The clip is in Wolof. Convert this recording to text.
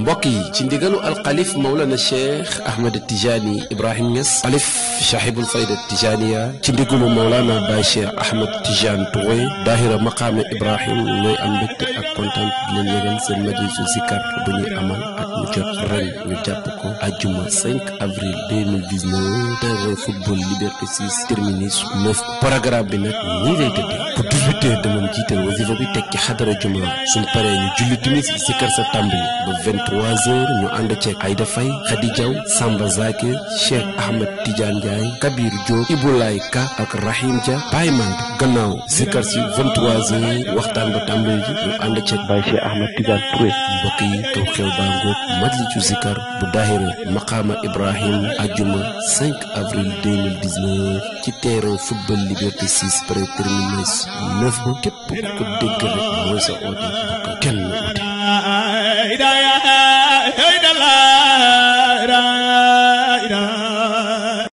mbokk yi ci ndigalu alxalif mawlana cheikh ahmed tijaani ibrahim Niass alif saahibul fayda tijaaniya ci ndigalu mawlana baay cheikh ahmed tijaan Touré daahira maqaame ibrahim ñooy am mbégte ak kontaan di leen yëgal seen majlisu zikkar bu ñuy amal ak mu jot ren jàpp ko ajjuma avril 2019 terrain football liberté 6 terminus 9 programme bi nag ñii lay tëddee jàpp 18 heures danañ jiital wasifa bi teg ci xadara juma suñ paree ñu julli si kër sa tàmbali ba 23 heures ñu ànd ceeg Ayda Faye Khady Diaw Samba Zakir Cheikh Ahmed Tidiane Ndiaye Kabir Diop Ibulaay Ka ak Rahim Dia Baye Mande gannaaw si kër si waxtaan ba tàmbali ji ñu ànd ceeg Baye Cheikh Ahmed Tidiane Touré mbokk yi kaw xew baa ngoog majlisu zikar bu daahira maqaama Ibrahim ajuma avril ci terrain football Liberté 6 près neuf moom képp ku ko dégg rek mooy sa audio bu ko kenn